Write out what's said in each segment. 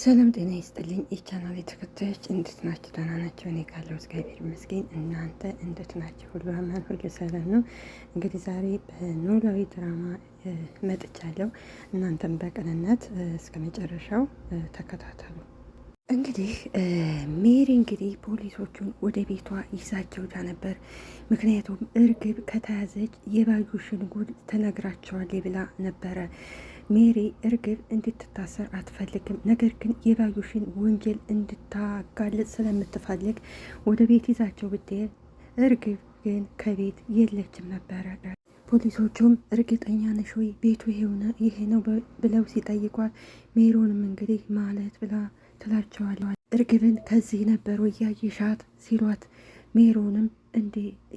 ሰላም ጤና ይስጥልኝ። የቻናል ተከታዮች እንዴት ናቸው? ደህና ናቸው? እኔ ካለው እግዚአብሔር ይመስገን። እናንተ እንዴት ናቸው? ሁሉ አማን፣ ሁሉ ሰላም ነው። እንግዲህ ዛሬ በኖላዊ ድራማ መጥቻለሁ። እናንተም በቅንነት እስከ መጨረሻው ተከታተሉ። እንግዲህ ሜሪ እንግዲህ ፖሊሶቹን ወደ ቤቷ ይዛቸው ሄዳ ነበር። ምክንያቱም እርግብ ከተያዘች የባዩሽን ጉድ ተነግራቸዋል ብላ ነበረ ሜሪ እርግብ እንድትታሰር አትፈልግም። ነገር ግን የባዩሽን ወንጀል እንድታጋልጥ ስለምትፈልግ ወደ ቤት ይዛቸው ብትሄድ፣ እርግብ ግን ከቤት የለችም ነበረ። ፖሊሶቹም እርግጠኛ ነሽ ወይ ቤቱ ይሄ ነው ብለው ሲጠይቋት ሜሮንም እንግዲህ ማለት ብላ ትላቸዋለች። እርግብን ከዚህ ነበር ወያ ሲሏት ሜሮንም እንዴ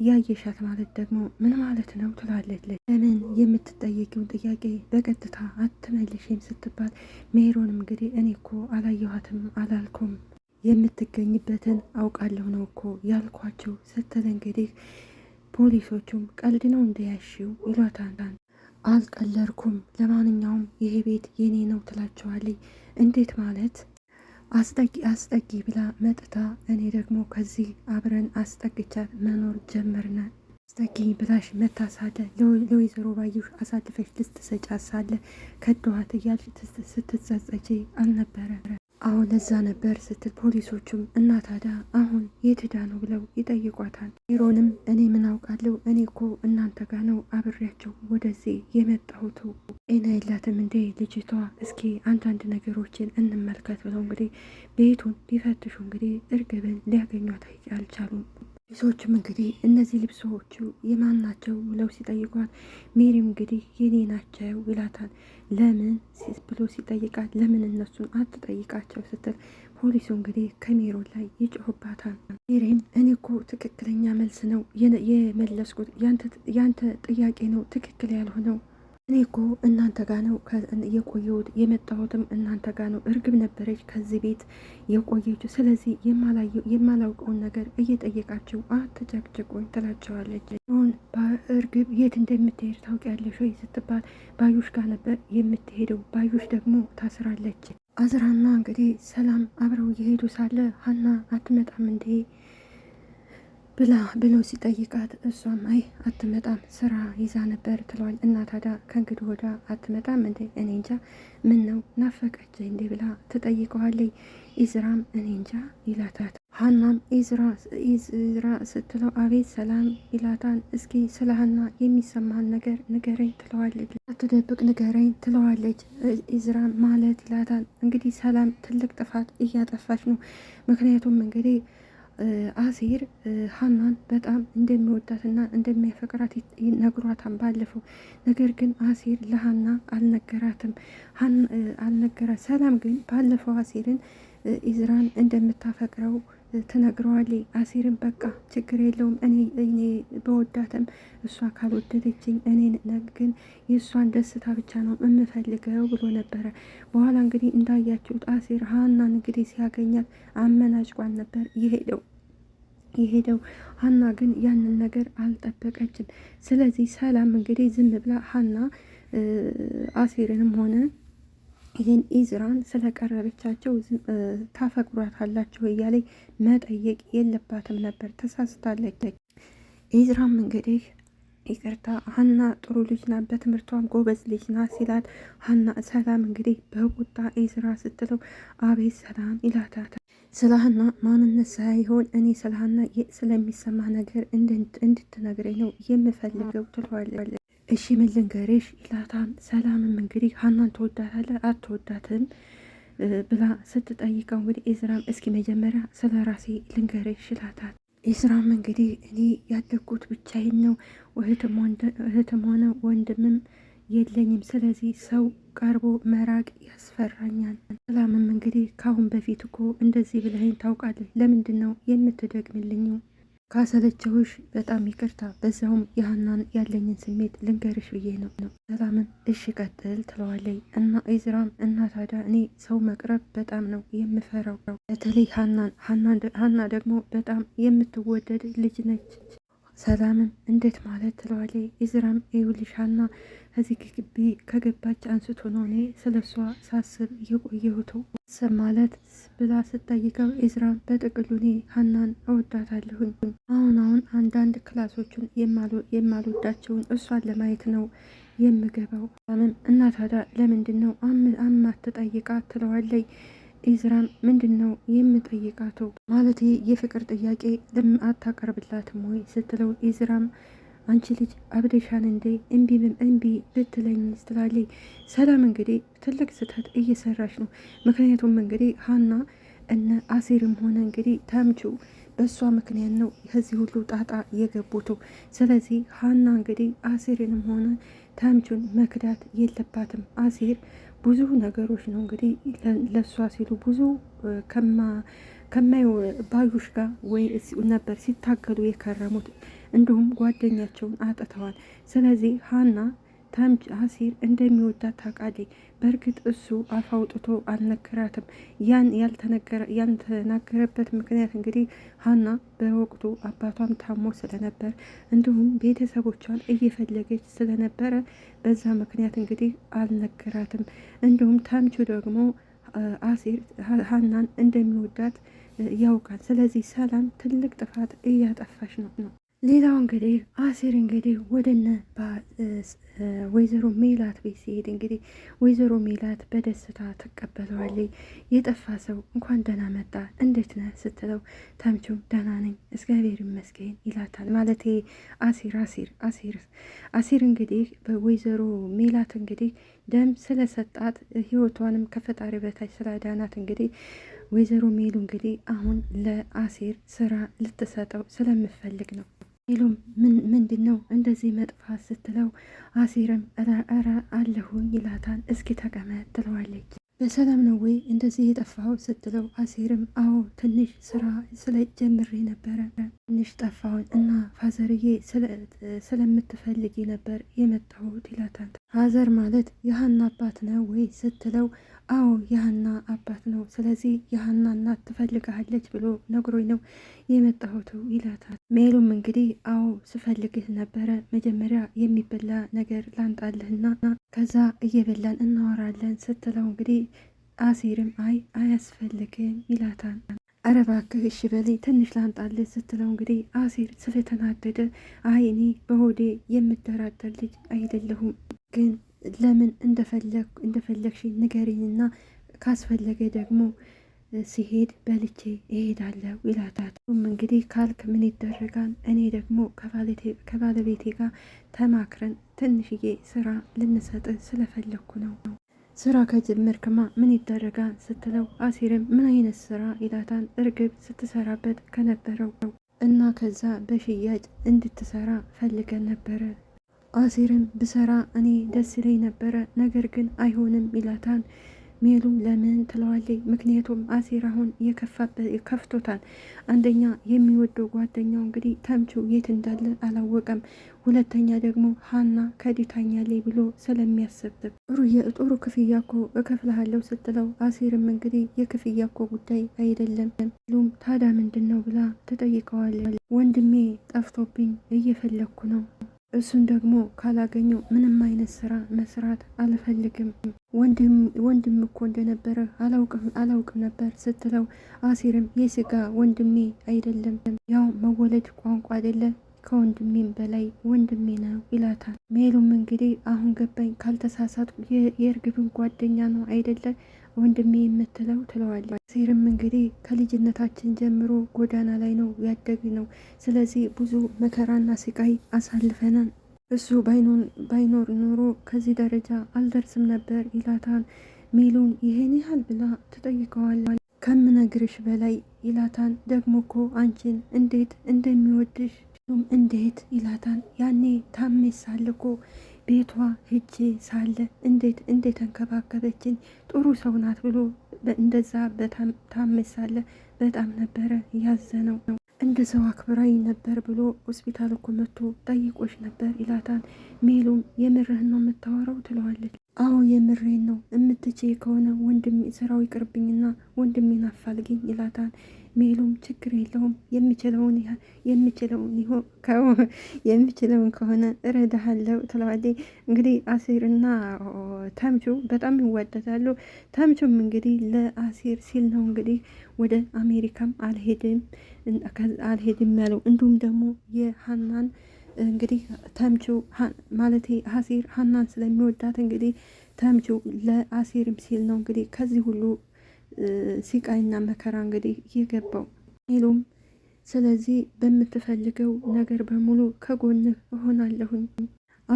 ያየሻት ማለት ደግሞ ምን ማለት ነው ትላለች። ለምን የምትጠየቂውን ጥያቄ በቀጥታ አትመልሽም ስትባል ሜሮንም እንግዲህ እኔ እኮ አላየኋትም አላልኩም የምትገኝበትን አውቃለሁ ነው እኮ ያልኳቸው ስትል እንግዲህ ፖሊሶቹም ቀልድ ነው እንደያሽው ይሏታል። አልቀለርኩም ለማንኛውም ይሄ ቤት የኔ ነው ትላቸዋለች። እንዴት ማለት አስጠጊ አስጠጊ ብላ መጥታ እኔ ደግሞ ከዚህ አብረን አስጠግቻት መኖር ጀመርና አስጠጊ ብላሽ መታ ሳለ ለወይዘሮ ባዩሽ አሳልፈሽ ልትሰጫ ሳለ ከድኋት እያልሽ ስትጸጸች አልነበረ አሁን ለዛ ነበር ስትል ፖሊሶቹም እና ታዲያ አሁን የትዳ ነው ብለው ይጠይቋታል። ቢሮንም እኔ ምን አውቃለሁ እኔ እኮ እናንተ ጋ ነው አብሬያቸው ወደዚህ የመጣሁት ጤና የላትም እንዴ ልጅቷ? እስኪ አንዳንድ ነገሮችን እንመልከት ብለው እንግዲህ ቤቱን ሊፈትሹ እንግዲህ እርግብን ሊያገኟት አልቻሉም። ልብሶቹም እንግዲህ እነዚህ ልብሶቹ የማን ናቸው ብለው ሲጠይቋት ሜሪም እንግዲህ የኔ ናቸው ይላታል። ለምን ብሎ ሲጠይቃት ለምን እነሱን አትጠይቃቸው ስትል ፖሊሱ እንግዲህ ከሜሮን ላይ ይጮሁባታል። ሜሪም እኔ እኮ ትክክለኛ መልስ ነው የመለስኩት፣ ያንተ ጥያቄ ነው ትክክል ያልሆነው እኔ እኮ እናንተ ጋ ነው የቆየሁት፣ የመጣሁትም እናንተ ጋ ነው። እርግብ ነበረች ከዚህ ቤት የቆየችው። ስለዚህ የማላውቀውን ነገር እየጠየቃችሁ አትጨቅጭቁኝ ትላቸዋለች። አሁን እርግብ የት እንደምትሄድ ታውቂያለሽ ወይ ስትባል ባዩሽ ጋር ነበር የምትሄደው። ባዩሽ ደግሞ ታስራለች። አዝራና እንግዲህ ሰላም አብረው እየሄዱ ሳለ ሀና አትመጣም እንዴ ብላ ብሎ ሲጠይቃት እሷም አይ አትመጣም ስራ ይዛ ነበር ትሏል። እና ታዲያ ከእንግዲህ ወዳ አትመጣም እንዴ እኔ እንጃ ምን ነው ናፈቀች እንዴ ብላ ትጠይቀዋለች። ኢዝራም እኔ እንጃ ይላታት። ሀናም ኢዝራ ስትለው አቤት ሰላም ይላታን። እስኪ ስለ ሀና የሚሰማን ነገር ንገረኝ ትለዋለች። አትደብቅ ንገረኝ ትለዋለች። ኢዝራም ማለት ይላታን። እንግዲህ ሰላም ትልቅ ጥፋት እያጠፋች ነው። ምክንያቱም እንግዲህ አሴር ሀናን በጣም እንደሚወዳትና እንደሚያፈቅራት ነግሯታን ባለፈው። ነገር ግን አሴር ለሀና አልነገራትም። ሰላም ግን ባለፈው አሴርን ኢዝራን እንደምታፈቅረው ተነግረዋል። አሲርም በቃ ችግር የለውም እኔ እኔ በወዳትም እሷ ካልወደደችኝ እኔን ግን የእሷን ደስታ ብቻ ነው የምፈልገው ብሎ ነበረ። በኋላ እንግዲህ እንዳያችሁት አሲር ሀናን እንግዲህ ሲያገኛት አመናጭቋን ነበር የሄደው የሄደው ሀና ግን ያንን ነገር አልጠበቀችም። ስለዚህ ሰላም እንግዲህ ዝም ብላ ሀና አሲርንም ሆነ ይህን ኢዝራን ስለቀረበቻቸው ታፈቅሯታላችሁ እያለ መጠየቅ የለባትም ነበር። ተሳስታለች። ኢዝራም እንግዲህ ይቅርታ ሀና ጥሩ ልጅ ናት፣ በትምህርቷም ጎበዝ ልጅ ናት ሲላት ሀና ሰላም እንግዲህ በቁጣ ኢዝራ ስትለው አቤት ሰላም ይላታታል። ስለ ሀና ማንነት ሳይሆን እኔ ስለ ሀና ስለሚሰማ ነገር እንድትነግረኝ ነው የምፈልገው ትለዋለች። እሺ ምን ልንገርሽ ይላታል። ሰላምም እንግዲህ ሀናን ትወዳታለህ አትወዳትም ብላ ስትጠይቀው እንግዲህ ኤዝራም እስኪ መጀመሪያ ስለ ራሴ ልንገርሽ ይላታል። ኤዝራም እንግዲህ እኔ ያደግኩት ብቻዬን ነው፣ እህትም ሆነ ወንድምም የለኝም። ስለዚህ ሰው ቀርቦ መራቅ ያስፈራኛል። ሰላምም እንግዲህ ከአሁን በፊት እኮ እንደዚህ ብለኸኝ ታውቃለህ። ለምንድን ነው የምትደግምልኝ? ካሰለቸውሽ በጣም ይቅርታ፣ በዚያውም የሀናን ያለኝን ስሜት ልንገርሽ ብዬ ነው ነው ሰላምን እሽ ቀጥል ትለዋለይ እና ኢዝራም እና ታዲያ እኔ ሰው መቅረብ በጣም ነው የምፈራው፣ በተለይ ሀናን ሀና ደግሞ በጣም የምትወደድ ልጅ ነች። ሰላምም እንዴት ማለት ትለዋለች። የዝራም ይውልሻና እዚህ ግቢ ከገባች አንስቶ ነው እኔ ስለ እሷ ሳስብ የቆየሁት ሰብ ማለት ብላ ስጠይቀው ኤዝራም በጥቅሉ እኔ ሀናን እወዳታለሁኝ። አሁን አሁን አንዳንድ ክላሶችን የማልወዳቸውን እሷን ለማየት ነው የምገባው። ሰላምም እና ታዲያ ለምንድን ነው አማትጠይቃ ትለዋለች። ኢዝራም ምንድን ነው የምጠይቃቱ? ማለት የፍቅር ጥያቄ አታቀርብላትም ወይ ስትለው ኢዝራም አንቺ ልጅ አብደሻን እንዴ እምቢ እምቢ ብትለኝ ስትላለች ሰላም እንግዲህ ትልቅ ስህተት እየሰራች ነው። ምክንያቱም እንግዲህ ሀና እነ አሴርም ሆነ እንግዲህ ተምቹ በእሷ ምክንያት ነው ከዚህ ሁሉ ጣጣ የገቡት። ስለዚህ ሀና እንግዲህ አሴርንም ሆነ ተምቹን መክዳት የለባትም። አሴር ብዙ ነገሮች ነው እንግዲህ ለእሷ ሲሉ ብዙ ከማየው ባዩሽ ጋር ወይ ነበር ሲታገሉ የከረሙት። እንዲሁም ጓደኛቸውን አጥተዋል። ስለዚህ ሀና ታምጭ አሲር እንደሚወዳት ታውቃለች። በእርግጥ እሱ አፋውጥቶ አልነገራትም። ያን ያልተናገረበት ምክንያት እንግዲህ ሀና በወቅቱ አባቷም ታሞ ስለነበር እንዲሁም ቤተሰቦቿን እየፈለገች ስለነበረ በዛ ምክንያት እንግዲህ አልነገራትም። እንዲሁም ታምቹ ደግሞ አሲር ሀናን እንደሚወዳት ያውቃል። ስለዚህ ሰላም ትልቅ ጥፋት እያጠፋች ነው ነው ሌላው እንግዲህ አሴር እንግዲህ ወደነ ወይዘሮ ሜላት ቤት ሲሄድ እንግዲህ ወይዘሮ ሜላት በደስታ ትቀበለዋለች። የጠፋ ሰው እንኳን ደህና መጣ እንዴት ነህ ስትለው ተምቹም ደህና ነኝ እግዚአብሔር ይመስገን ይላታል። ማለት አሴር አሴር አሴር አሴር እንግዲህ በወይዘሮ ሜላት እንግዲህ ደም ስለሰጣት ህይወቷንም ከፈጣሪ በታች ስላዳናት እንግዲህ ወይዘሮ ሜሉ እንግዲህ አሁን ለአሴር ስራ ልትሰጠው ስለምፈልግ ነው ሄሉም ምንድን ነው እንደዚህ መጥፋት ስትለው አሲርም ኧረ አለሁኝ ይላታል። እስኪ ተቀመጥ ትለዋለች። በሰላም ነው ወይ እንደዚህ የጠፋው ስትለው አሲርም አዎ ትንሽ ስራ ስለ ጀምሬ ነበረ ትንሽ ጠፋውን እና ፋዘርዬ ስለምትፈልጊ ነበር የመጣሁት ይላታል። ሀዘር ማለት የሀና አባት ነው ወይ ስትለው አዎ የሀና አባት ነው። ስለዚህ የሀና እናት ትፈልግሃለች ብሎ ነግሮኝ ነው የመጣሁት ይላታል። ሜሉም እንግዲህ አዎ ስፈልግህ ነበረ፣ መጀመሪያ የሚበላ ነገር ላንጣልህና ከዛ እየበላን እናወራለን ስትለው እንግዲህ አሲርም አይ አያስፈልግም ይላታል። ኧረ እባክህ እሺ በለኝ ትንሽ ላንጣልህ ስትለው እንግዲህ አሲር ስለተናደደ አይ እኔ በሆዴ የምደራደር ልጅ አይደለሁም ግን ለምን እንደፈለግሽ ንገሪኝና ካስፈለገ ደግሞ ሲሄድ በልቼ እሄዳለሁ ይላታል። እንግዲህ ካልክ ምን ይደረጋል፣ እኔ ደግሞ ከባለቤቴ ጋር ተማክረን ትንሽዬ ስራ ልንሰጥ ስለፈለግኩ ነው። ስራ ከጀመርክማ ምን ይደረጋል ስትለው፣ አሲርም ምን አይነት ስራ ይላታል። እርግብ ስትሰራበት ከነበረው እና ከዛ በሽያጭ እንድትሰራ ፈልገን ነበረ አሴርን ብሰራ እኔ ደስ ይለኝ ነበረ፣ ነገር ግን አይሆንም ይላታል። ሜሉ ለምን ትለዋለች። ምክንያቱም አሴር አሁን ከፍቶታል። አንደኛ የሚወደው ጓደኛው እንግዲህ ተምቹ የት እንዳለ አላወቀም። ሁለተኛ ደግሞ ሀና ከዲታኛ ላይ ብሎ ስለሚያሰብብ ጥሩ ክፍያ ኮ እከፍልሃለሁ ስትለው አሴርም እንግዲህ የክፍያ ኮ ጉዳይ አይደለም ሉም ታዳ ምንድን ነው ብላ ትጠይቀዋለች። ወንድሜ ጠፍቶብኝ እየፈለግኩ ነው እሱን ደግሞ ካላገኘው ምንም አይነት ስራ መስራት አልፈልግም። ወንድም እኮ እንደነበረ አላውቅም ነበር ስትለው አሲርም የስጋ ወንድሜ አይደለም፣ ያው መወለድ ቋንቋ አይደለም ከወንድሜም በላይ ወንድሜ ነው ይላታል። ሜሉም እንግዲህ አሁን ገባኝ፣ ካልተሳሳትኩ የእርግብን ጓደኛ ነው አይደለም ወንድሜ የምትለው ትለዋለች። ሴርም እንግዲህ ከልጅነታችን ጀምሮ ጎዳና ላይ ነው ያደግ ነው። ስለዚህ ብዙ መከራና ስቃይ አሳልፈናል። እሱ ባይኖር ኖሮ ከዚህ ደረጃ አልደርስም ነበር ይላታል። ሜሉን ይሄን ያህል ብላ ትጠይቀዋለች። ከምነግርሽ በላይ ይላታል። ደግሞ እኮ አንቺን እንዴት እንደሚወድሽ እንዴት ይላታል። ያኔ ታሜ ሳልኮ ቤቷ ሄጄ ሳለ እንዴት ተንከባከበችኝ ጥሩ ሰው ናት ብሎ እንደዛ ታመሳለ በጣም ነበረ ያዘነው። ሰው አክብራኝ ነበር ብሎ ሆስፒታል እኮ መጥቶ ጠይቆች ነበር ይላታል። ሜሉም የምርህን ነው የምታወራው ትለዋለች። አዎ የምሬን ነው የምትችይ ከሆነ ወንድም ስራው ይቅርብኝና ወንድሜን አፋልግኝ ይላታል። ሜሉም ችግር የለውም የምችለውን የምችለውን ከሆነ እረዳሃለው ትለዋለች። እንግዲህ አሴርና ተምቹ በጣም ይዋደዳሉ። ተምቹም እንግዲህ ለአሴር ሲል ነው እንግዲህ ወደ አሜሪካም አልሄድም አልሄድም ያለው እንዲሁም ደግሞ የሀናን እንግዲህ ተምቹ ማለቴ አሴር ሀናን ስለሚወዳት እንግዲህ ተምቹ ለአሴርም ሲል ነው እንግዲህ ከዚህ ሁሉ ሲቃይና መከራ እንግዲህ የገባው ሄሉም ስለዚህ በምትፈልገው ነገር በሙሉ ከጎንህ እሆናለሁኝ።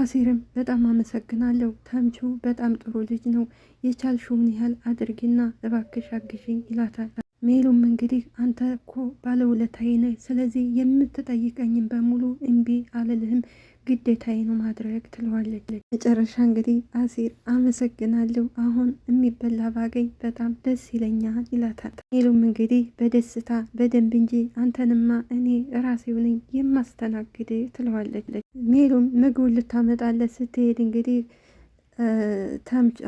አሴርም በጣም አመሰግናለሁ ተምቹ በጣም ጥሩ ልጅ ነው፣ የቻልሽውን ያህል አድርጊና እባክሽ አግዢኝ ይላታል። ሜሉም እንግዲህ አንተ እኮ ባለውለታዬ ነህ፣ ስለዚህ የምትጠይቀኝም በሙሉ እምቢ አልልህም፣ ግዴታዬ ነው ማድረግ ትለዋለች። መጨረሻ እንግዲህ አሲር አመሰግናለሁ፣ አሁን የሚበላ ባገኝ በጣም ደስ ይለኛል ይላታል። ሜሉም እንግዲህ በደስታ በደንብ እንጂ አንተንማ እኔ ራሴው ነኝ የማስተናግድ ትለዋለች። ሜሉም ምግቡን ልታመጣለት ስትሄድ እንግዲህ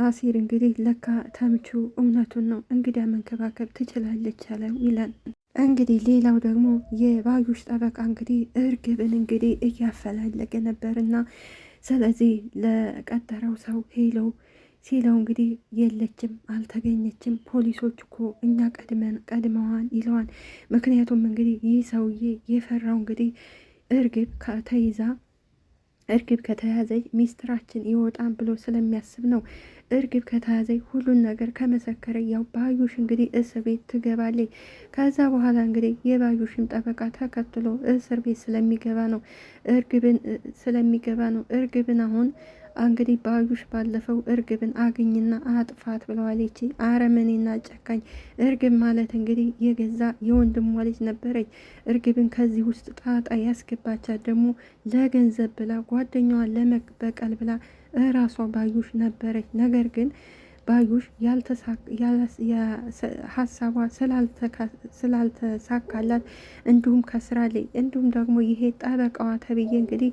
አሲር እንግዲህ ለካ ተምቹ እውነቱን ነው እንግዳ መንከባከብ ትችላለች አለው ይላል። እንግዲህ ሌላው ደግሞ የባዩሽ ጠበቃ እንግዲህ እርግብን እንግዲህ እያፈላለገ ነበርና ስለዚህ ለቀጠረው ሰው ሄሎ ሲለው እንግዲህ የለችም፣ አልተገኘችም፣ ፖሊሶች እኮ እኛ ቀድመን ቀድመዋል ይለዋል። ምክንያቱም እንግዲህ ይህ ሰውዬ የፈራው እንግዲህ እርግብ ተይዛ እርግብ ከተያዘች ሚስጥራችን ይወጣን ብሎ ስለሚያስብ ነው። እርግብ ከተያዘች ሁሉን ነገር ከመሰከረ ያው ባዩሽ እንግዲህ እስር ቤት ትገባለች። ከዛ በኋላ እንግዲህ የባዩሽን ጠበቃ ተከትሎ እስር ቤት ስለሚገባ ነው እርግብን ስለሚገባ ነው እርግብን አሁን እንግዲህ ባዩሽ ባለፈው እርግብን አግኝና አጥፋት ብለዋለች። አረመኔና ጨካኝ እርግብ ማለት እንግዲህ የገዛ የወንድሟ ልጅ ነበረች። እርግብን ከዚህ ውስጥ ጣጣ ያስገባቻት ደግሞ ለገንዘብ ብላ ጓደኛዋን ለመበቀል ብላ እራሷ ባዩሽ ነበረች። ነገር ግን ባዩሽ ሀሳቧ ስላልተሳካላት እንዲሁም ከስራ ላይ እንዲሁም ደግሞ ይሄ ጠበቃዋ ተብዬ እንግዲህ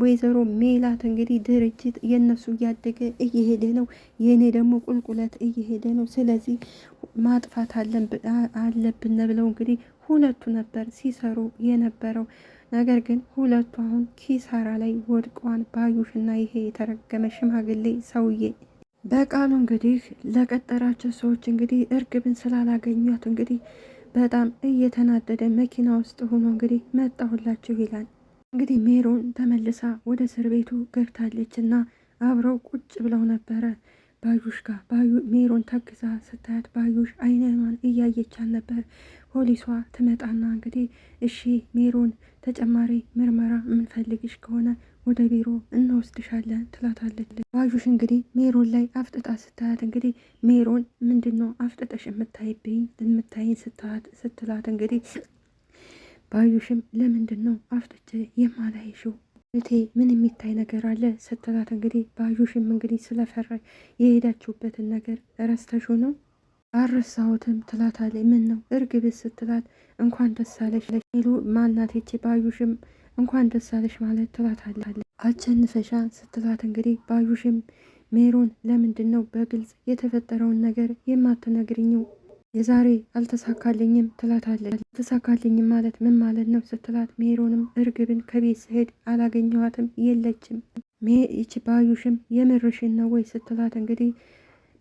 ወይዘሮ ሜላት እንግዲህ ድርጅት የእነሱ እያደገ እየሄደ ነው፣ የእኔ ደግሞ ቁልቁለት እየሄደ ነው። ስለዚህ ማጥፋት አለብን ብለው እንግዲህ ሁለቱ ነበር ሲሰሩ የነበረው። ነገር ግን ሁለቱ አሁን ኪሳራ ላይ ወድቋን ባዩሽና ይሄ የተረገመ ሽማግሌ ሰውዬ በቃሉ እንግዲህ ለቀጠራቸው ሰዎች እንግዲህ እርግብን ስላላገኟት እንግዲህ በጣም እየተናደደ መኪና ውስጥ ሆኖ እንግዲህ መጣሁላችሁ ይላል። እንግዲህ ሜሮን ተመልሳ ወደ እስር ቤቱ ገብታለች እና አብረው ቁጭ ብለው ነበረ ባዩሽ ጋር ሜሮን ተግዛ ስታያት ባዩሽ አይነኗን እያየቻን ነበር። ፖሊሷ ትመጣና እንግዲህ እሺ ሜሮን ተጨማሪ ምርመራ የምንፈልግሽ ከሆነ ወደ ቢሮ እንወስድሻለን ትላታለች። ባዩሽ እንግዲህ ሜሮን ላይ አፍጥጣ ስታያት እንግዲህ ሜሮን ምንድን ነው አፍጥጠሽ የምታይብኝ የምታይን ስትላት እንግዲህ ባዩሽም ለምንድን ነው አፍጥቼ የማላይሽው እቴ ምን የሚታይ ነገር አለ ስትላት እንግዲህ ባዩሽም እንግዲህ ስለፈራ የሄዳችሁበትን ነገር ረስተሹ ነው አረሳሁትም ትላታለች። ምን ነው እርግብ ስትላት እንኳን ደስ አለሽ ሉ ማናቴቼ ባዩሽም እንኳን ደስ አለሽ ማለት ትላታለች። አቸንፈሻ ስትላት እንግዲህ ባዩሽም ሜሮን ለምንድን ነው በግልጽ የተፈጠረውን ነገር የማትነግርኝው የዛሬ አልተሳካልኝም ትላታለች። አልተሳካልኝም ማለት ምን ማለት ነው ስትላት ሜሮንም እርግብን ከቤት ስሄድ አላገኘኋትም የለችም ይች ባዩሽም የምርሽን ነው ወይ ስትላት እንግዲህ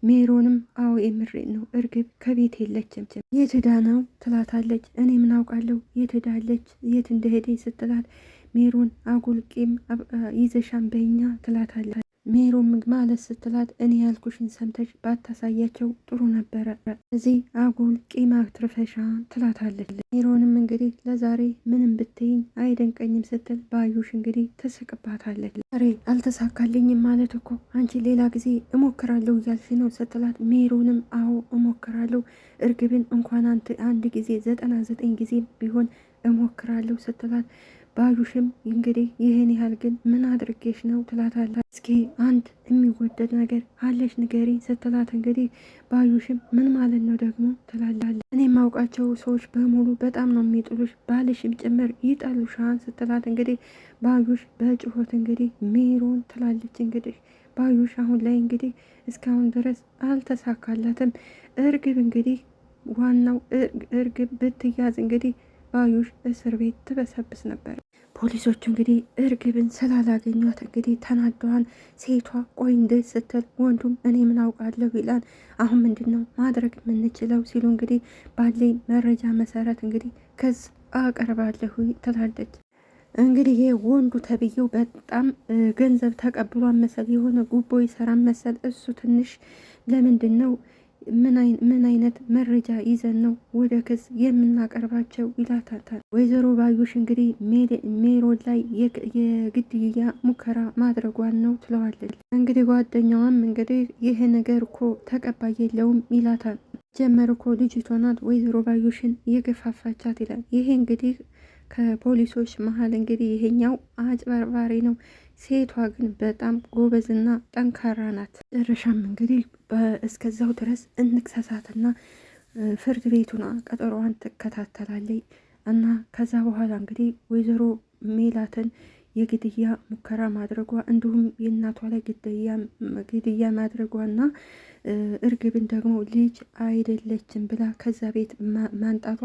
ሜሮንም አዎ የምሬን ነው እርግብ ከቤት የለችም የት ነው ትላታለች። እኔ ምን አውቃለሁ የት ሄዳለች የት እንደሄደኝ ስትላት ሜሮን አጉልቄም ይዘሻን በኛ ትላታለች። ሜሮም ማለት ስትላት እኔ ያልኩሽን ሰምተሽ ባታሳያቸው ጥሩ ነበረ፣ እዚህ አጉል ቂም አትርፈሻ ትላታለች። ሜሮንም እንግዲህ ለዛሬ ምንም ብትይኝ አይደንቀኝም ስትል ባዩሽ እንግዲህ ትስቅባታለች። ሬ አልተሳካልኝም ማለት እኮ አንቺ ሌላ ጊዜ እሞክራለሁ እያልሽ ነው ስትላት፣ ሜሮንም አዎ እሞክራለሁ እርግብን እንኳን አንድ ጊዜ ዘጠና ዘጠኝ ጊዜ ቢሆን እሞክራለሁ ስትላት ባዩሽም እንግዲህ ይህን ያህል ግን ምን አድርጌሽ ነው ትላታለ። እስኪ አንድ የሚወደድ ነገር አለሽ ንገሪ ስትላት እንግዲህ ባዩሽም ምን ማለት ነው ደግሞ ትላላለ። እኔ የማውቃቸው ሰዎች በሙሉ በጣም ነው የሚጥሉሽ፣ ባልሽም ጭምር ይጠሉሻን ስትላት እንግዲህ ባዩሽ በጩኸት እንግዲህ ሜሮን ትላለች። እንግዲህ ባዩሽ አሁን ላይ እንግዲህ እስካሁን ድረስ አልተሳካላትም። እርግብ እንግዲህ ዋናው እርግብ ብትያዝ እንግዲህ ባዩሽ እስር ቤት ትበሰብስ ነበር። ፖሊሶች እንግዲህ እርግብን ስላላገኟት እንግዲህ ተናደዋን። ሴቷ ቆይ እንዴት ስትል ወንዱም እኔ ምን አውቃለሁ ይላል። አሁን ምንድን ነው ማድረግ የምንችለው ሲሉ እንግዲህ ባለኝ መረጃ መሰረት እንግዲህ ከዝ አቀርባለሁ ትላለች። እንግዲህ ይህ ወንዱ ተብዬው በጣም ገንዘብ ተቀብሏን መሰል የሆነ ጉቦ ይሰራን መሰል እሱ ትንሽ ለምንድን ነው ምን አይነት መረጃ ይዘን ነው ወደ ክስ የምናቀርባቸው? ይላታታል። ወይዘሮ ባዩሽ እንግዲህ ሜሮን ላይ የግድያ ሙከራ ማድረጓን ነው ትለዋለች። እንግዲህ ጓደኛዋም እንግዲህ ይህ ነገር እኮ ተቀባይ የለውም ይላታል። ጀመር እኮ ልጅቷ ናት ወይዘሮ ባዩሽን የገፋፋቻት ይላል። ይሄ እንግዲህ ከፖሊሶች መሀል እንግዲህ ይሄኛው አጭበርባሪ ነው። ሴቷ ግን በጣም ጎበዝና ጠንካራ ናት። መጨረሻም እንግዲህ እስከዛው ድረስ እንክሰሳትና ፍርድ ቤቱን ቀጠሮዋን ትከታተላለች እና ከዛ በኋላ እንግዲህ ወይዘሮ ሜላትን የግድያ ሙከራ ማድረጓ እንዲሁም የእናቷ ላይ ግድያ ማድረጓና እርግብን ደግሞ ልጅ አይደለችም ብላ ከዛ ቤት ማንጣቷ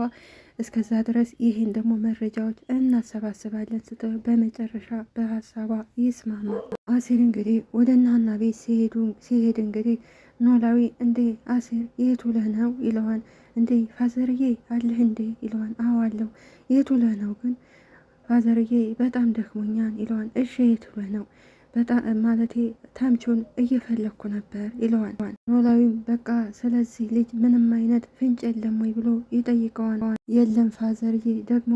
እስከዛ ድረስ ይህን ደግሞ መረጃዎች እናሰባስባለን ስት በመጨረሻ በሀሳቧ ይስማማል። አሴር እንግዲህ ወደ ናና ቤት ሲሄድ እንግዲህ ኖላዊ እንዴ አሴር የቱ ለህ ነው ይለዋል። እንዴ ፋዘርዬ አለህ እንዴ ይለዋል። አዋለው የቱ ነው ግን ፋዘርዬ በጣም ደክሞኛል ይለዋል። እሺ የት ነው? በጣም ማለቴ ተምቹን እየፈለግኩ ነበር ይለዋል። ኖላዊም በቃ ስለዚህ ልጅ ምንም አይነት ፍንጭ የለም ወይ ብሎ ይጠይቀዋል። የለም ፋዘርዬ፣ ደግሞ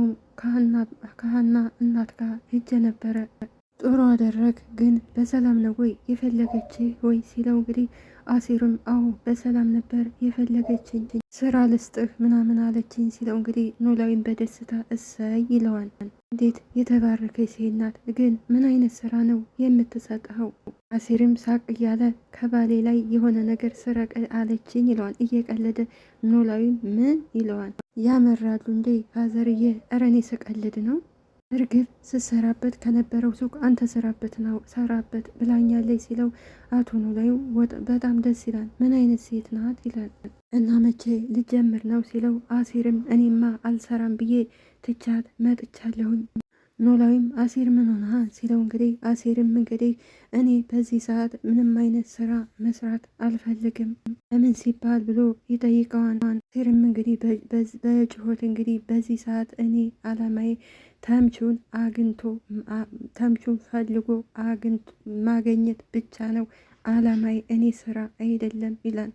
ከሀና እናት ጋር ሄጄ ነበረ። ጥሩ አደረግ፣ ግን በሰላም ነው ወይ የፈለገች ወይ ሲለው እንግዲህ አሲርም አዎ በሰላም ነበር የፈለገችኝ ስራ ልስጥህ ምናምን አለችኝ ሲለው እንግዲህ ኖላዊን በደስታ እሰይ ይለዋል። እንዴት የተባረከች ሴት ናት! ግን ምን አይነት ስራ ነው የምትሰጠኸው? አሲርም ሳቅ እያለ ከባሌ ላይ የሆነ ነገር ስረቅ አለችኝ ይለዋል እየቀለደ። ኖላዊም ምን ይለዋል? ያመራሉ እንዴ ፋዘርዬ፣ እረ እኔ ስቀልድ ነው እርግብ ስትሰራበት ከነበረው ሱቅ አንተ ስራበት ነው ሰራበት ብላኛለች ሲለው አቶ ኖላዊ በጣም ደስ ይላል። ምን አይነት ሴት ናት ይላል። እና መቼ ልጀምር ነው ሲለው አሲርም እኔማ አልሰራም ብዬ ትቻት መጥቻለሁኝ። ኖላዊም አሲር ምን ሆና ሲለው እንግዲህ አሲርም እንግዲህ እኔ በዚህ ሰዓት ምንም አይነት ስራ መስራት አልፈልግም ለምን ሲባል ብሎ ይጠይቀዋል። አሲርም እንግዲህ በጭሆት እንግዲህ በዚህ ሰዓት እኔ አላማዬ ተምቹን አግኝቶ ተምቹን ፈልጎ ማገኘት ብቻ ነው አላማዬ፣ እኔ ስራ አይደለም ይላል።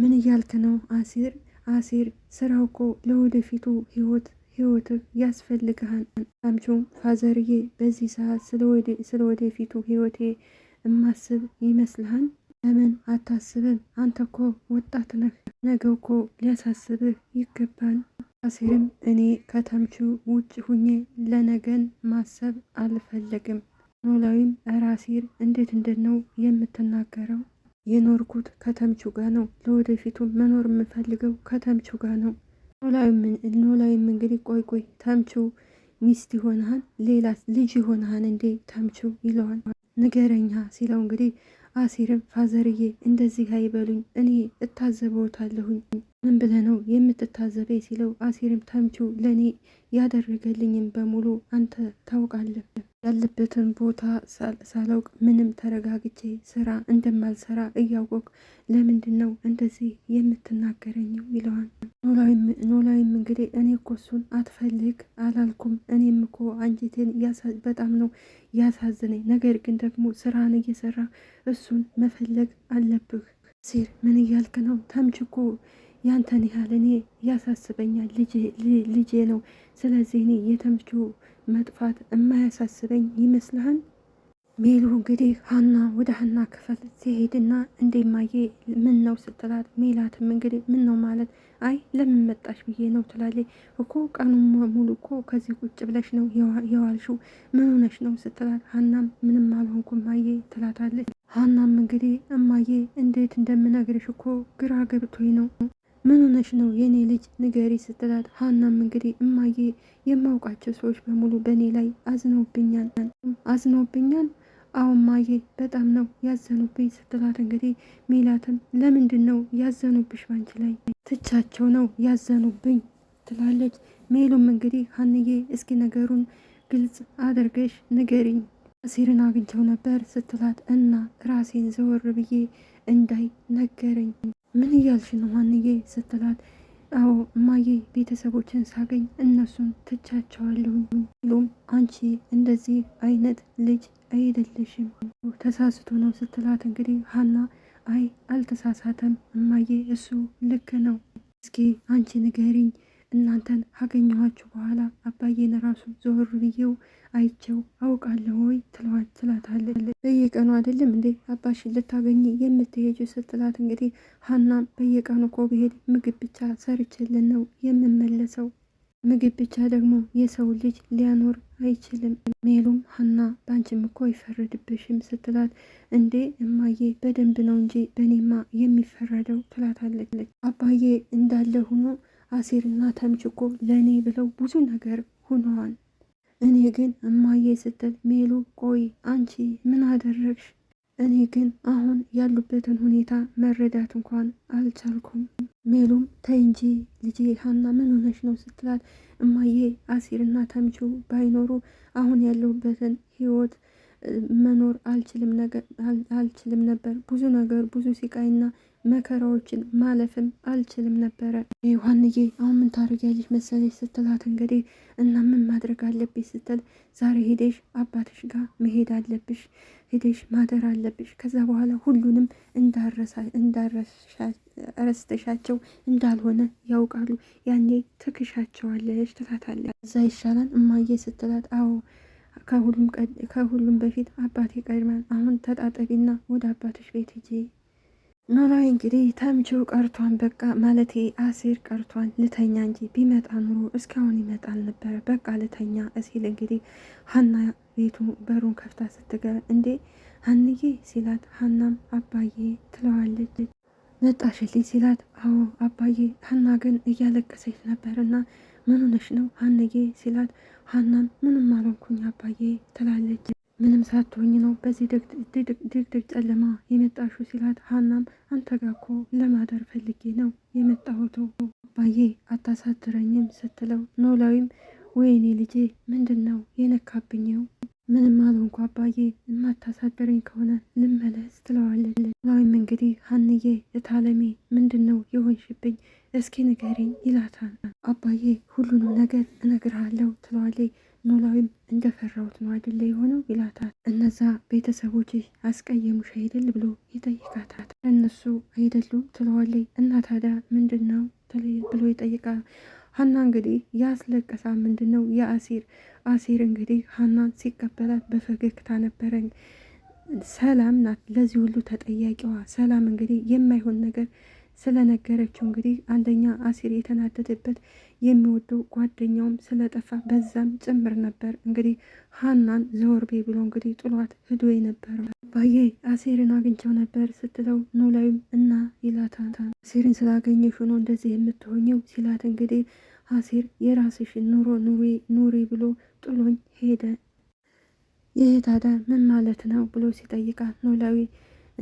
ምን እያልክ ነው አሲር? አሲር ስራው እኮ ለወደፊቱ ህይወት ህይወት ያስፈልግሃል። ተምቹም ፋዘርዬ፣ በዚህ ሰዓት ስለወደፊቱ ህይወቴ እማስብ ይመስልሃል? ለምን አታስብም? አንተ እኮ ወጣት ነህ። ነገ እኮ ሊያሳስብህ ይገባል። አሴርም እኔ ከተምቹ ውጭ ሁኜ ለነገን ማሰብ አልፈለግም። ኖላዊም እረ እንዴት እንዴት ነው የምትናገረው? የኖርኩት ከተምቹ ጋር ነው። ለወደፊቱ መኖር የምፈልገው ከተምቹ ጋር ነው። ኖላዊም እንግዲህ ቆይ ቆይ ተምቹ ሚስት ይሆንሃን? ሌላ ልጅ ይሆንሃን እንዴ ተምቹ ይለዋል። ንገረኛ ሲለው እንግዲህ አሲርም ፋዘርዬ እንደዚህ አይበሉኝ እኔ እታዘበዎታለሁኝ ምን ብለህ ነው የምትታዘበኝ ሲለው አሲርም ተምቹ ለእኔ ያደረገልኝም በሙሉ አንተ ታውቃለህ ያለበትን ቦታ ሳላውቅ ምንም ተረጋግቼ ስራ እንደማልሰራ እያወቅ ለምንድን ነው እንደዚህ የምትናገረኝው? ይለዋል። ኖላዊም እንግዲህ እኔ እኮ እሱን አትፈልግ አላልኩም። እኔም እኮ አንጀቴን በጣም ነው ያሳዝነኝ። ነገር ግን ደግሞ ስራን እየሰራ እሱን መፈለግ አለብህ ሲር ምን እያልክ ነው ተምችኮ ያንተን ያህል እኔ ያሳስበኛል፣ ልጄ ነው። ስለዚህ እኔ የተምቹ መጥፋት የማያሳስበኝ ይመስልሃል? ሜሉ እንግዲህ ሀና ወደ ሀና ክፍል ሲሄድና እንደማየ ምን ነው ስትላት፣ ሜላትም እንግዲህ ምን ነው ማለት አይ ለምን መጣሽ ብዬ ነው ትላለች። እኮ ቀኑ ሙሉ እኮ ከዚህ ቁጭ ብለሽ ነው የዋልሽው ምን ሆነሽ ነው ስትላት፣ ሀናም ምንም አልሆንኩ ማየ ትላታለች። ሀናም እንግዲህ እማዬ እንዴት እንደምነግርሽ እኮ ግራ ገብቶኝ ነው ምን ሆነሽ ነው የኔ ልጅ ንገሪ ስትላት፣ ሀናም እንግዲህ እማዬ የማውቃቸው ሰዎች በሙሉ በእኔ ላይ አዝኖብኛል አዝኖብኛል አዎ እማዬ በጣም ነው ያዘኑብኝ ስትላት፣ እንግዲህ ሜላትም ለምንድን ነው ያዘኑብሽ ባንቺ ላይ ትቻቸው ነው ያዘኑብኝ ትላለች። ሜሉም እንግዲህ ሀንዬ እስኪ ነገሩን ግልጽ አድርገሽ ንገሪኝ አሲርን አግኝቸው ነበር ስትላት እና ራሴን ዘወር ብዬ እንዳይ ነገረኝ ምን እያልሽ ነው ማንዬ ስትላት፣ አዎ እማዬ ቤተሰቦችን ሳገኝ እነሱን ትቻቸዋለሁ። ሉም አንቺ እንደዚህ አይነት ልጅ አይደለሽም ተሳስቶ ነው ስትላት፣ እንግዲህ ሀና አይ አልተሳሳተም እማዬ፣ እሱ ልክ ነው። እስኪ አንቺ ንገሪኝ እናንተን ካገኘኋችሁ በኋላ አባዬን ራሱ ዞር ብዬው አይቸው አውቃለሁ ወይ ትለዋል ትላታለች። በየቀኑ አይደለም እንዴ አባሽን ልታገኝ የምትሄጅ ስትላት እንግዲህ ሀና በየቀኑ እኮ ብሄድ ምግብ ብቻ ሰርችልን ነው የምመለሰው ምግብ ብቻ ደግሞ የሰው ልጅ ሊያኖር አይችልም። ሜሉም ሀና በአንቺም እኮ አይፈረድብሽም ስትላት፣ እንዴ እማዬ በደንብ ነው እንጂ በኔማ የሚፈረደው ትላታለች። አባዬ እንዳለ ሆኖ አሲርና ተምችኮ እኮ ለእኔ ብለው ብዙ ነገር ሆነዋል። እኔ ግን እማዬ ስትል ሜሉ ቆይ አንቺ ምን አደረግሽ? እኔ ግን አሁን ያሉበትን ሁኔታ መረዳት እንኳን አልቻልኩም። ሜሉም ተይ እንጂ ልጄ ሀና ምን ሆነሽ ነው ስትላል፣ እማዬ አሲርና ተምቹ ባይኖሩ አሁን ያለሁበትን ህይወት መኖር አልችልም ነበር። ብዙ ነገር ብዙ ሲቃይና መከራዎችን ማለፍም አልችልም ነበረ። ዮሐንዬ አሁን ምን ታደርጊያለሽ መሰለሽ ስትላት እንግዲህ እና ምን ማድረግ አለብሽ ስትል ዛሬ ሄደሽ አባትሽ ጋር መሄድ አለብሽ፣ ሄደሽ ማደር አለብሽ። ከዛ በኋላ ሁሉንም እንዳረስተሻቸው እንዳልሆነ ያውቃሉ። ያኔ ትክሻቸዋለሽ ትላታለች። እዛ ይሻላል እማዬ ስትላት አዎ ከሁሉም በፊት አባቴ ቀድማን። አሁን ተጣጠቢና ወደ አባትሽ ቤት ሂጂ ኖላዊ እንግዲህ ተምችው ቀርቷን በቃ ማለት አሴር ቀርቷን ልተኛ እንጂ ቢመጣ ኑሮ እስካሁን ይመጣል ነበር በቃ ልተኛ እሲል እንግዲህ ሀና ቤቱ በሩን ከፍታ ስትገባ እንዴ ሀንዬ ሲላት፣ ሀናም አባዬ ትለዋለች። መጣሽልኝ ሲላት፣ አዎ አባዬ። ሀና ግን እያለቀሰች ነበር እና ምን ሆነሽ ነው ሀንዬ ሲላት፣ ሀናም ምንም አልሆንኩኝ አባዬ ትላለች። ምንም ሳትሆኝ ነው በዚህ ድቅድቅ ጨለማ የመጣሹ ሲላት፣ ሀናም አንተ እኮ ለማደር ፈልጌ ነው የመጣሁት አባዬ አታሳድረኝም ስትለው፣ ኖላዊም ወይኔ ልጄ ምንድን ነው የነካብኝው? ምንም አልሆንኩ አባዬ፣ የማታሳድረኝ ከሆነ ልመለስ ትለዋለች። ኖላዊም እንግዲህ ሀንዬ እታለሜ ምንድን ነው የሆንሽብኝ? እስኪ ንገሪኝ ይላታል። አባዬ ሁሉንም ነገር እነግርሃለሁ ትለዋለች። ኖላዊም እንደፈራሁት ነው አይደለ የሆነው ይላታል። እነዛ ቤተሰቦች አስቀየሙሽ አይደል ብሎ ይጠይቃታል። እነሱ አይደሉም ትለዋለይ። እና ታዲያ ምንድን ነው ብሎ ይጠይቃል። ሀና እንግዲህ ያስለቀሳ ምንድን ነው የአሲር አሲር እንግዲህ ሀናን ሲቀበላት በፈገግታ ነበረኝ። ሰላም ናት ለዚህ ሁሉ ተጠያቂዋ። ሰላም እንግዲህ የማይሆን ነገር ስለነገረችው እንግዲህ አንደኛ አሲር የተናደደበት የሚወደው ጓደኛውም ስለጠፋ በዛም ጭምር ነበር። እንግዲህ ሀናን ዘወርቤ ብሎ እንግዲህ ጥሏት ሂዶ የነበረው ባየ አሴርን አግኝቸው ነበር ስትለው ኖላዊም እና ይላታል። አሲርን ስላገኘሽ ሆኖ እንደዚህ የምትሆኘው ሲላት እንግዲህ አሴር የራስሽን ኑሮ ኑሪ ኑሪ ብሎ ጥሎኝ ሄደ። ይህ ታዲያ ምን ማለት ነው ብሎ ሲጠይቃት ኖላዊ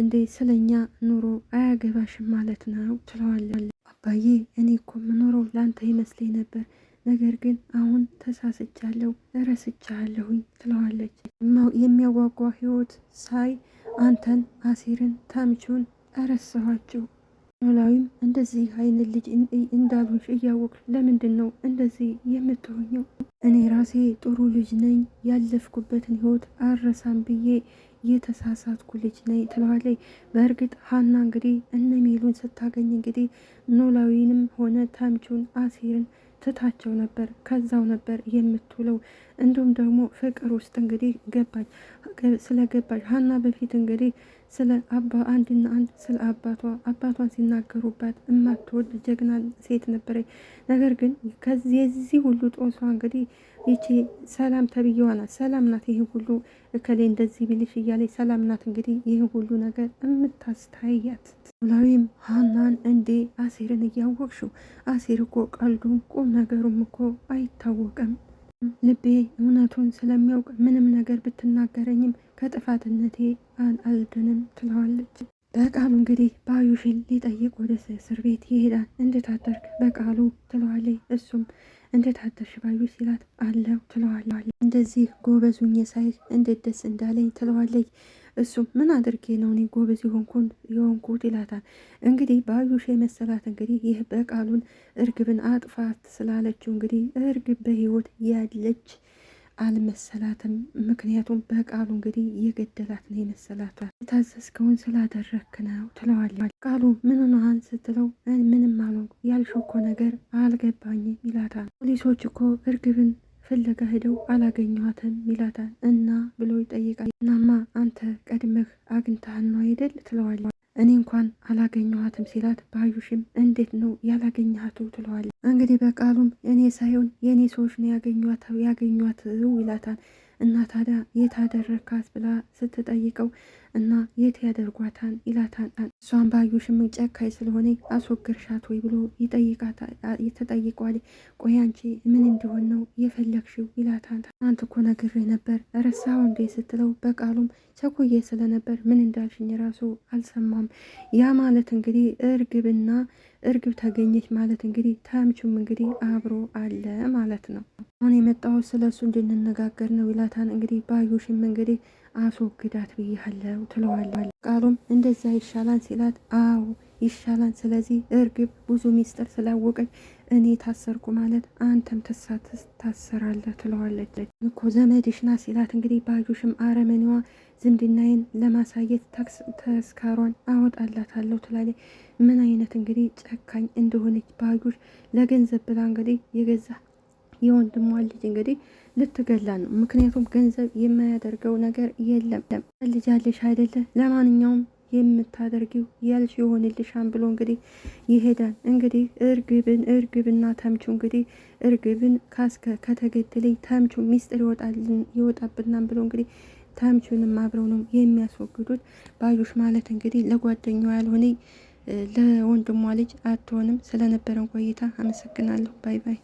እንዴ ስለኛ ኑሮ አያገባሽም ማለት ነው ትለዋለች። አባዬ እኔ እኮ ምኖረው ለአንተ ይመስለኝ ነበር፣ ነገር ግን አሁን ተሳስቻለሁ እረስቻለሁኝ ትለዋለች። የሚያጓጓ ህይወት ሳይ አንተን አሴርን ታምቹን እረሳኋችሁ። ኖላዊም እንደዚህ አይነት ልጅ እንዳሉሽ እያወቅ ለምንድን ነው እንደዚህ የምትሆኘው? እኔ ራሴ ጥሩ ልጅ ነኝ፣ ያለፍኩበትን ህይወት አረሳም ብዬ የተሳሳትኩ ልጅ ነኝ ትለዋለች። በእርግጥ ሀና እንግዲህ እነ ስታገኝ እንግዲህ ኖላዊንም ሆነ ተምቹን አሴርን ትታቸው ነበር ከዛው ነበር የምትውለው። እንዲሁም ደግሞ ፍቅር ውስጥ እንግዲህ ገባች። ስለገባች ሀና በፊት እንግዲህ ስለ አባ አንድና አንድ ስለ አባቷ አባቷን ሲናገሩባት እማትወድ ጀግና ሴት ነበረ። ነገር ግን ከዚህ የዚህ ሁሉ ጦሷ እንግዲህ ይቺ ሰላም ተብዬዋ ናት። ሰላም ናት ይህ ሁሉ እከሌ እንደዚህ ቢልሽ እያለ ሰላም ናት እንግዲህ ይህ ሁሉ ነገር እምታስታያት። ኖላዊም ሀናን እንዴ አሴርን እያወቅሽው፣ አሴር እኮ ቀልዱም ቁም ነገሩም እኮ አይታወቅም ልቤ እውነቱን ስለሚያውቅ ምንም ነገር ብትናገረኝም ከጥፋትነቴ አልድንም ትለዋለች። በቃሉ እንግዲህ ባዩሽን ሊጠይቅ ወደ እስር ቤት ይሄዳል። እንድታደርግ በቃሉ ትለዋለች። እሱም እንድታደርሽ ባዩሽ ሲላት አለው ትለዋለች። እንደዚህ ጎበዙኝ ሳይሽ እንዴት ደስ እንዳለኝ ትለዋለች። እሱም ምን አድርጌ ነው እኔ ጎበዝ የሆንኩት ይላታል። እንግዲህ ባዩሽ የመሰላት እንግዲህ ይህ በቃሉን እርግብን አጥፋት ስላለችው እንግዲህ እርግብ በህይወት ያለች አልመሰላትም። ምክንያቱም በቃሉ እንግዲህ የገደላት ነው የመሰላቷል። የታዘዝከውን ስላደረክ ነው ትለዋለች። ቃሉ ምን ምንናን ስትለው ምንም አልሆንኩም ያልሽው እኮ ነገር አልገባኝም ይላታል። ፖሊሶች እኮ እርግብን ፍለጋ ሄደው አላገኘኋትም ይላታል። እና ብሎ ይጠይቃል። እናማ አንተ ቀድመህ አግኝተሃል ነው አይደል ትለዋለች። እኔ እንኳን አላገኘኋትም ሲላት፣ ባዩሽም እንዴት ነው ያላገኘሃቱ ትለዋለች። እንግዲህ በቃሉም እኔ ሳይሆን የእኔ ሰዎች ነው ያገኟት ይላታል። እና ታዲያ የት አደረካት ብላ ስትጠይቀው እና የት ያደርጓታን ይላታል። እሷን ባዩሽም ጨካኝ ስለሆነ አስወግርሻት ወይ ብሎ ተጠይቋል። ቆይ አንቺ ምን እንዲሆን ነው የፈለግሽው ይላታል። አንተ እኮ ነግሬ ነበር ረሳሁ እንዴ ስትለው በቃሉም ቸኩዬ ስለነበር ምን እንዳልሽኝ ራሱ አልሰማም። ያ ማለት እንግዲህ እርግብና እርግብ ተገኘች ማለት እንግዲህ ታምቹም እንግዲህ አብሮ አለ ማለት ነው። አሁን የመጣው ስለ እሱ እንድንነጋገር ነው ይላታን እንግዲህ ባዩሽም እንግዲህ አስወግዳት ብያለው ትለዋለ። ቃሉም እንደዛ ይሻላን ሲላት፣ አዎ ይሻላን። ስለዚህ እርግብ ብዙ ሚስጥር ስላወቀች እኔ ታሰርኩ ማለት አንተም ትሳት ታሰራለህ ትለዋለች። እኮ ና ሲላት እንግዲህ ባዩሽም አረመኔዋ ዝምድናዬን ለማሳየት ተስካሯን አወጣላታለሁ ትላለች። ምን አይነት እንግዲህ ጨካኝ እንደሆነች ባዩሽ ለገንዘብ ብላ እንግዲህ የገዛ የወንድሟ ልጅ እንግዲህ ልትገላ ነው። ምክንያቱም ገንዘብ የማያደርገው ነገር የለም። ልጅ አይደለ? ለማንኛውም የምታደርጊው ያልሽ ይሆንልሻል ብሎ እንግዲህ ይሄዳል። እንግዲህ እርግብን እርግብና ተምቹ እንግዲህ እርግብን ካስከ ከተገደለኝ ተምቹ ሚስጥር ይወጣብናል ብሎ እንግዲህ ተምቹንም አብረው ነው የሚያስወግዱት። ባዩሽ ማለት እንግዲህ ለጓደኛዋ ያልሆነ ለወንድሟ ልጅ አትሆንም። ስለነበረን ቆይታ አመሰግናለሁ። ባይ ባይ።